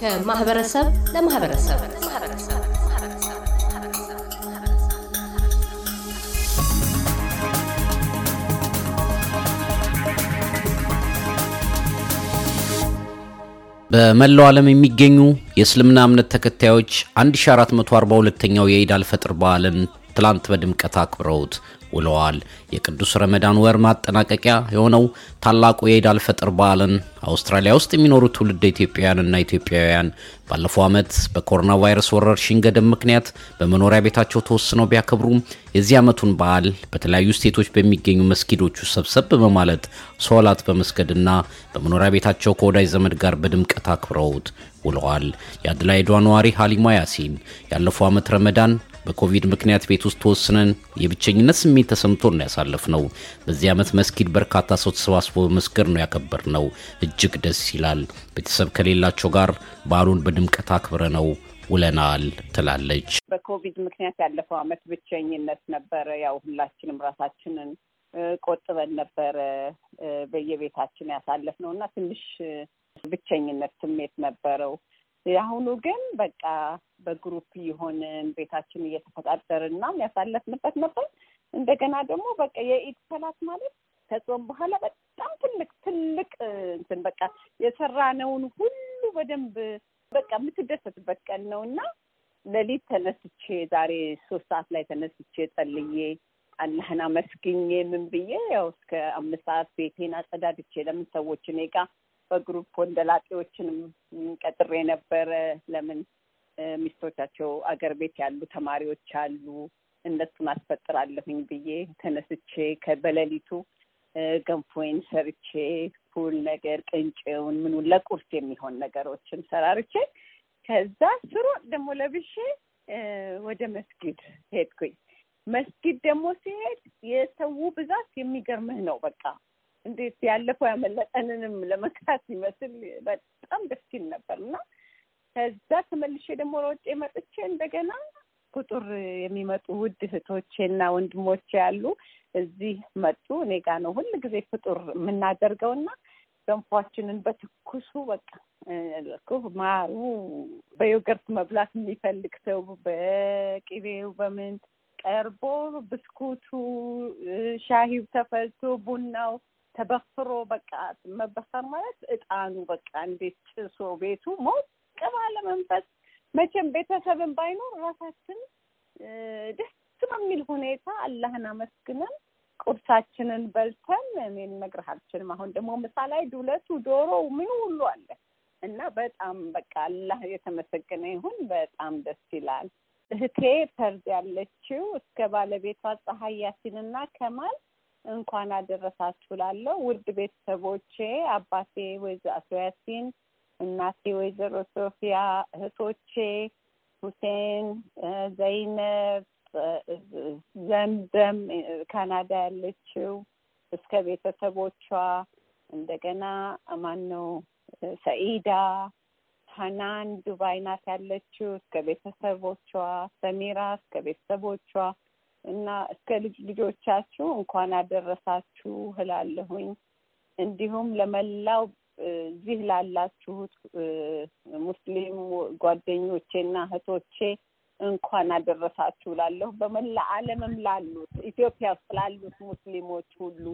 ከማህበረሰብ ለማህበረሰብ በመላው ዓለም የሚገኙ የእስልምና እምነት ተከታዮች 1442ኛው የኢድ አልፈጥር በዓልን ትላንት በድምቀት አክብረውት ውለዋል። የቅዱስ ረመዳን ወር ማጠናቀቂያ የሆነው ታላቁ የኢድ አልፈጥር በዓልን አውስትራሊያ ውስጥ የሚኖሩ ትውልድ ኢትዮጵያውያንና ኢትዮጵያውያን ባለፈው ዓመት በኮሮና ቫይረስ ወረርሽኝ ገደብ ምክንያት በመኖሪያ ቤታቸው ተወስነው ቢያከብሩም የዚህ ዓመቱን በዓል በተለያዩ ስቴቶች በሚገኙ መስጊዶቹ ሰብሰብ በማለት ሶላት በመስገድና በመኖሪያ ቤታቸው ከወዳጅ ዘመድ ጋር በድምቀት አክብረውት ውለዋል። የአድላይዷ ነዋሪ ሀሊማ ያሲን ያለፈው ዓመት ረመዳን በኮቪድ ምክንያት ቤት ውስጥ ተወስነን የብቸኝነት ስሜት ተሰምቶ ነው ነው። በዚህ ዓመት መስጊድ በርካታ ሰው ተሰባስቦ በመስገድ ነው ያከበር ነው እጅግ ደስ ይላል። ቤተሰብ ከሌላቸው ጋር በዓሉን በድምቀት አክብረ ነው ውለናል ትላለች። በኮቪድ ምክንያት ያለፈው ዓመት ብቸኝነት ነበረ። ያው ሁላችንም ራሳችንን ቆጥበን ነበረ በየቤታችን ነው እና ትንሽ ብቸኝነት ስሜት ነበረው። የአሁኑ ግን በቃ በግሩፕ የሆንን ቤታችን እየተፈጣደርን እና ያሳለፍንበት ነበር። እንደገና ደግሞ በቃ የኢድ ሰላት ማለት ከጾም በኋላ በጣም ትልቅ ትልቅ እንትን በቃ የሰራነውን ሁሉ በደንብ በቃ የምትደሰትበት ቀን ነው እና ሌሊት ተነስቼ ዛሬ ሶስት ሰዓት ላይ ተነስቼ ጸልዬ አላህን አመስግኜ ምን ብዬ ያው እስከ አምስት ሰዓት ቤቴን አጸዳድቼ ለምን ሰዎች እኔ ጋር በግሩፕ ወንደላጤዎችንም ቀጥሬ የነበረ ለምን ሚስቶቻቸው አገር ቤት ያሉ ተማሪዎች አሉ፣ እነሱን አስፈጥራለሁኝ ብዬ ተነስቼ በሌሊቱ ገንፎይን ሰርቼ ፉል ነገር ቅንጭውን ምኑን ለቁርስ የሚሆን ነገሮችን ሰራርቼ ከዛ ስሩ ደግሞ ለብሼ ወደ መስጊድ ሄድኩኝ። መስጊድ ደግሞ ሲሄድ የሰው ብዛት የሚገርምህ ነው። በቃ እንዴት ያለፈው ያመለጠንንም ለመካት ይመስል በጣም ደስ ይል ነበር እና ከዛ ተመልሼ ደግሞ ሮጬ መጥቼ እንደገና ቁጥር የሚመጡ ውድ እህቶቼ እና ወንድሞቼ ያሉ እዚህ መጡ። እኔ ጋ ነው ሁል ጊዜ ፍጡር የምናደርገው እና ገንፏችንን በትኩሱ በቃ ማሩ በዮገርት መብላት የሚፈልግ ሰው በቅቤው በምን ቀርቦ ብስኩቱ፣ ሻሂው ተፈልቶ ቡናው ተበፍሮ በቃ መበፈር ማለት እጣኑ በቃ እንዴት ጭሶ ቤቱ ሞቅ ባለ መንፈስ መቼም ቤተሰብን ባይኖር ራሳችን ደስ በሚል ሁኔታ አላህን አመስግነን ቁርሳችንን በልተን እኔን መግረህ አልችልም። አሁን ደግሞ ምሳ ላይ ዱለቱ፣ ዶሮ ምን ሁሉ አለ እና በጣም በቃ አላህ የተመሰገነ ይሁን። በጣም ደስ ይላል። እህቴ ፈርድ ያለችው እስከ ባለቤቷ ፀሐይ ያሲንና ከማል እንኳን አደረሳችሁ ላለው ውድ ቤተሰቦቼ አባቴ ወይዘ ያሲን፣ እናቴ ወይዘሮ ሶፊያ፣ እህቶቼ ሁሴን፣ ዘይነብ፣ ዘምዘም ካናዳ ያለችው እስከ ቤተሰቦቿ እንደገና ነው ሰኢዳ ሀናን ዱባይ ናት ያለችው እስከ ቤተሰቦቿ፣ ሰሚራ እስከ ቤተሰቦቿ እና እስከ ልጅ ልጆቻችሁ እንኳን አደረሳችሁ እላለሁኝ። እንዲሁም ለመላው እዚህ ላላችሁት ሙስሊም ጓደኞቼና እህቶቼ እንኳን አደረሳችሁ እላለሁ። በመላ ዓለምም ላሉት ኢትዮጵያ ውስጥ ላሉት ሙስሊሞች ሁሉ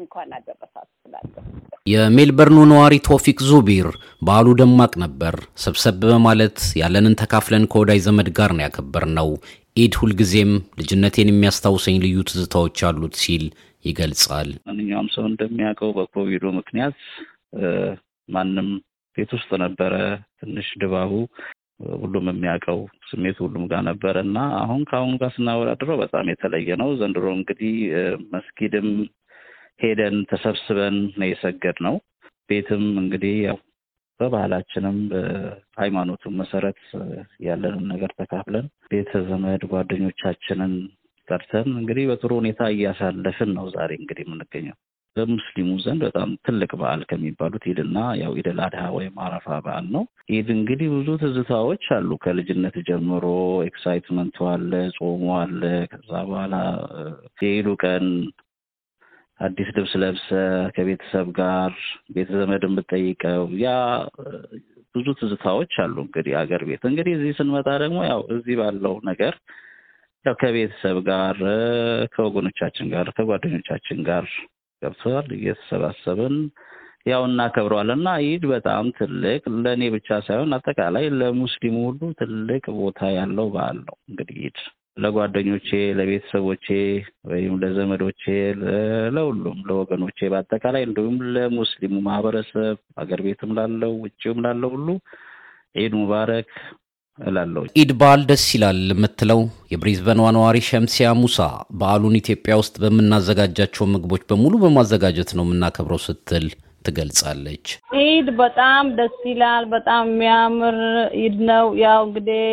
እንኳን አደረሳችሁ እላለሁ። የሜልበርኑ ነዋሪ ቶፊክ ዙቢር በዓሉ ደማቅ ነበር። ሰብሰብ በማለት ያለንን ተካፍለን ከወዳጅ ዘመድ ጋር ነው ያከበር ነው። ኢድ ሁልጊዜም ልጅነቴን የሚያስታውሰኝ ልዩ ትዝታዎች አሉት ሲል ይገልጻል። ማንኛውም ሰው እንደሚያውቀው በኮቪዱ ምክንያት ማንም ቤት ውስጥ ነበረ። ትንሽ ድባቡ ሁሉም የሚያውቀው ስሜት ሁሉም ጋር ነበረ እና አሁን ከአሁኑ ጋር ስናወዳድረው በጣም የተለየ ነው። ዘንድሮ እንግዲህ መስጊድም ሄደን ተሰብስበን ነው የሰገድ ነው። ቤትም እንግዲህ ያው በባህላችንም በሃይማኖቱም መሰረት ያለንን ነገር ተካፍለን ቤተ ዘመድ ጓደኞቻችንን ጠርተን እንግዲህ በጥሩ ሁኔታ እያሳለፍን ነው ዛሬ እንግዲህ የምንገኘው። በሙስሊሙ ዘንድ በጣም ትልቅ በዓል ከሚባሉት ኢድና ያው ኢደል አድሃ ወይም አረፋ በዓል ነው። ኢድ እንግዲህ ብዙ ትዝታዎች አሉ። ከልጅነት ጀምሮ ኤክሳይትመንቱ አለ፣ ጾሙ አለ። ከዛ በኋላ የኢዱ ቀን አዲስ ልብስ ለብሰ ከቤተሰብ ጋር ቤተዘመድ የምጠይቀው ያ ብዙ ትዝታዎች አሉ። እንግዲህ አገር ቤት እንግዲህ እዚህ ስንመጣ ደግሞ ያው እዚህ ባለው ነገር ያው ከቤተሰብ ጋር ከወገኖቻችን ጋር ከጓደኞቻችን ጋር ገብተዋል እየተሰባሰብን ያው እናከብረዋል እና ኢድ በጣም ትልቅ ለእኔ ብቻ ሳይሆን አጠቃላይ ለሙስሊሙ ሁሉ ትልቅ ቦታ ያለው በዓል ነው እንግዲህ ኢድ ለጓደኞቼ፣ ለቤተሰቦቼ ወይም ለዘመዶቼ፣ ለሁሉም ለወገኖቼ በአጠቃላይ እንዲሁም ለሙስሊሙ ማህበረሰብ አገር ቤትም ላለው ውጭም ላለው ሁሉ ኢድ ሙባረክ እላለሁ። ኢድ በዓል ደስ ይላል የምትለው የብሪዝበኗ ነዋሪ ሸምሲያ ሙሳ በዓሉን ኢትዮጵያ ውስጥ በምናዘጋጃቸው ምግቦች በሙሉ በማዘጋጀት ነው የምናከብረው ስትል ትገልጻለች። ኢድ በጣም ደስ ይላል። በጣም የሚያምር ኢድ ነው። ያው እንግዲህ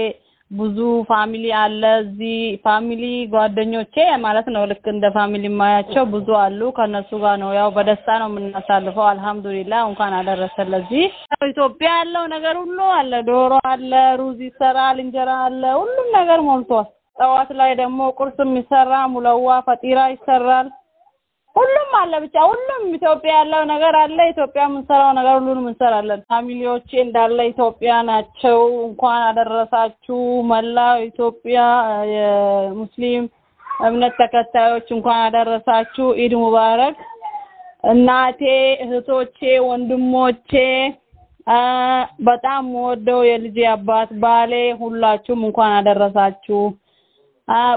ብዙ ፋሚሊ አለ እዚህ ፋሚሊ ጓደኞቼ ማለት ነው። ልክ እንደ ፋሚሊ ማያቸው ብዙ አሉ። ከነሱ ጋር ነው ያው በደስታ ነው የምናሳልፈው። አልሐምዱሊላ እንኳን አደረሰ ለዚህ። ኢትዮጵያ ያለው ነገር ሁሉ አለ። ዶሮ አለ፣ ሩዝ ይሰራል፣ እንጀራ አለ፣ ሁሉም ነገር ሞልቷል። ጠዋት ላይ ደግሞ ቁርስም ይሰራ፣ ሙለዋ ፈጢራ ይሰራል። ሁሉም አለ። ብቻ ሁሉም ኢትዮጵያ ያለው ነገር አለ። ኢትዮጵያ የምንሰራው ነገር ሁሉንም እንሰራለን። ፋሚሊዎቼ እንዳለ ኢትዮጵያ ናቸው። እንኳን አደረሳችሁ መላው ኢትዮጵያ የሙስሊም እምነት ተከታዮች እንኳን አደረሳችሁ። ኢድ ሙባረክ። እናቴ፣ እህቶቼ፣ ወንድሞቼ በጣም ወደው የልጅ አባት ባሌ፣ ሁላችሁም እንኳን አደረሳችሁ።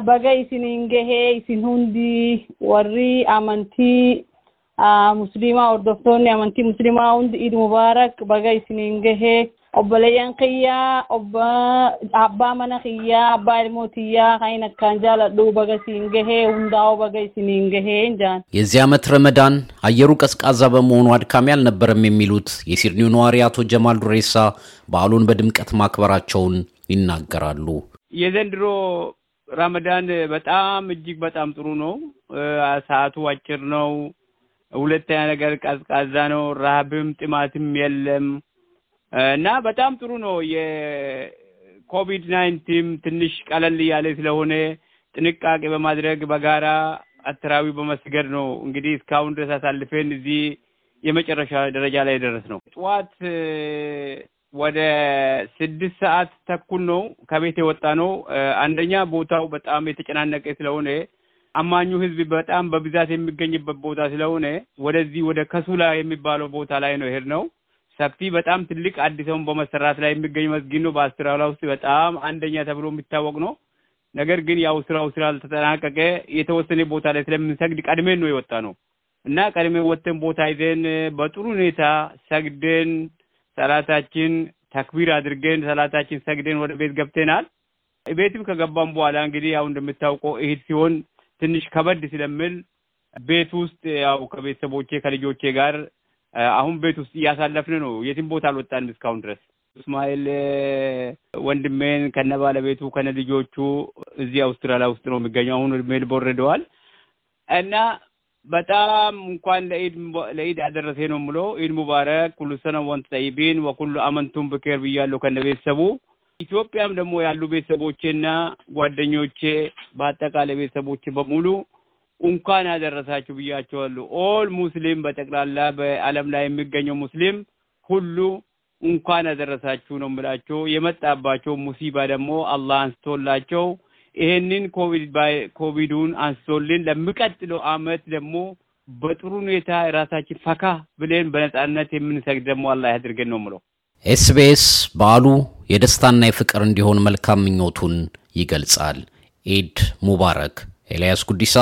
baga isiniin gahee isin hundi warri amantii musliimaa hordoftoonni amantii musliimaa hundi id mubaarak baga isiniin gahee obboleeyyan kiyyaa obba abbaa mana kiyyaa abbaa ilmootiyyaa kan akkaan jaaladhu baga isiin gahee hundaa'oo baga isiniin gahee jaan የዚህ ዓመት ረመዳን አየሩ ቀዝቃዛ በመሆኑ አድካሚ አልነበረም የሚሉት የሲድኒው ነዋሪ አቶ ጀማል ዱሬሳ በዓሉን በድምቀት ማክበራቸውን ይናገራሉ። የዘንድሮ ረመዳን በጣም እጅግ በጣም ጥሩ ነው። ሰዓቱ አጭር ነው። ሁለተኛ ነገር ቀዝቃዛ ነው። ረሃብም ጥማትም የለም እና በጣም ጥሩ ነው። የኮቪድ ናይንቲም ትንሽ ቀለል እያለ ስለሆነ ጥንቃቄ በማድረግ በጋራ አተራዊ በመስገድ ነው እንግዲህ እስካሁን ድረስ አሳልፈን እዚህ የመጨረሻ ደረጃ ላይ ደረስ ነው። ጠዋት ወደ ስድስት ሰዓት ተኩል ነው ከቤት የወጣ ነው። አንደኛ ቦታው በጣም የተጨናነቀ ስለሆነ አማኙ ህዝብ በጣም በብዛት የሚገኝበት ቦታ ስለሆነ ወደዚህ ወደ ከሱላ የሚባለው ቦታ ላይ ነው ይሄድ ነው። ሰፊ በጣም ትልቅ አዲሰውን በመሰራት ላይ የሚገኝ መስጊድ ነው። በአስትራላ ውስጥ በጣም አንደኛ ተብሎ የሚታወቅ ነው። ነገር ግን ያው ስራው ስላልተጠናቀቀ የተወሰነ ቦታ ላይ ስለምንሰግድ ቀድሜን ነው የወጣ ነው እና ቀድሜ ወጥተን ቦታ ይዘን በጥሩ ሁኔታ ሰግደን ሰላታችን ተክቢር አድርገን ሰላታችን ሰግደን ወደ ቤት ገብተናል። ቤትም ከገባም በኋላ እንግዲህ ያው እንደምታውቀው ኢድ ሲሆን ትንሽ ከበድ ስለምል ቤት ውስጥ ያው ከቤተሰቦቼ ከልጆቼ ጋር አሁን ቤት ውስጥ እያሳለፍን ነው። የትም ቦታ አልወጣንም እስካሁን ድረስ። እስማኤል ወንድሜን ከነ ባለቤቱ ከነ ልጆቹ እዚህ አውስትራሊያ ውስጥ ነው የሚገኘው። አሁን ሜልቦርን ሄደዋል እና በጣም እንኳን ለኢድ ለኢድ አደረሴ ነው ምሎ ኢድ ሙባረክ ኩሉ ሰነ ወንት ጠይቢን ወኩሉ አመንቱም ብኬር ብያለሁ ከነ ቤተሰቡ ኢትዮጵያም ደግሞ ያሉ ቤተሰቦቼና ጓደኞቼ በአጠቃላይ ቤተሰቦቼ በሙሉ እንኳን ያደረሳችሁ ብያቸዋለሁ። ኦል ሙስሊም በጠቅላላ በአለም ላይ የሚገኘው ሙስሊም ሁሉ እንኳን ያደረሳችሁ ነው የምላቸው። የመጣባቸው ሙሲባ ደግሞ አላህ አንስቶላቸው ይህንን ኮቪዱን አንስቶልን ለሚቀጥለው አመት ደግሞ በጥሩ ሁኔታ ራሳችን ፈካ ብለን በነጻነት የምንሰግድ ደግሞ አላህ ያድርገን ነው ምለው። ኤስቢኤስ በዓሉ የደስታና የፍቅር እንዲሆን መልካም ምኞቱን ይገልጻል። ኢድ ሙባረክ። ኤልያስ ጉዲሳ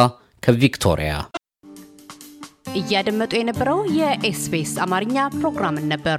ከቪክቶሪያ። እያደመጡ የነበረው የኤስቢኤስ አማርኛ ፕሮግራምን ነበር።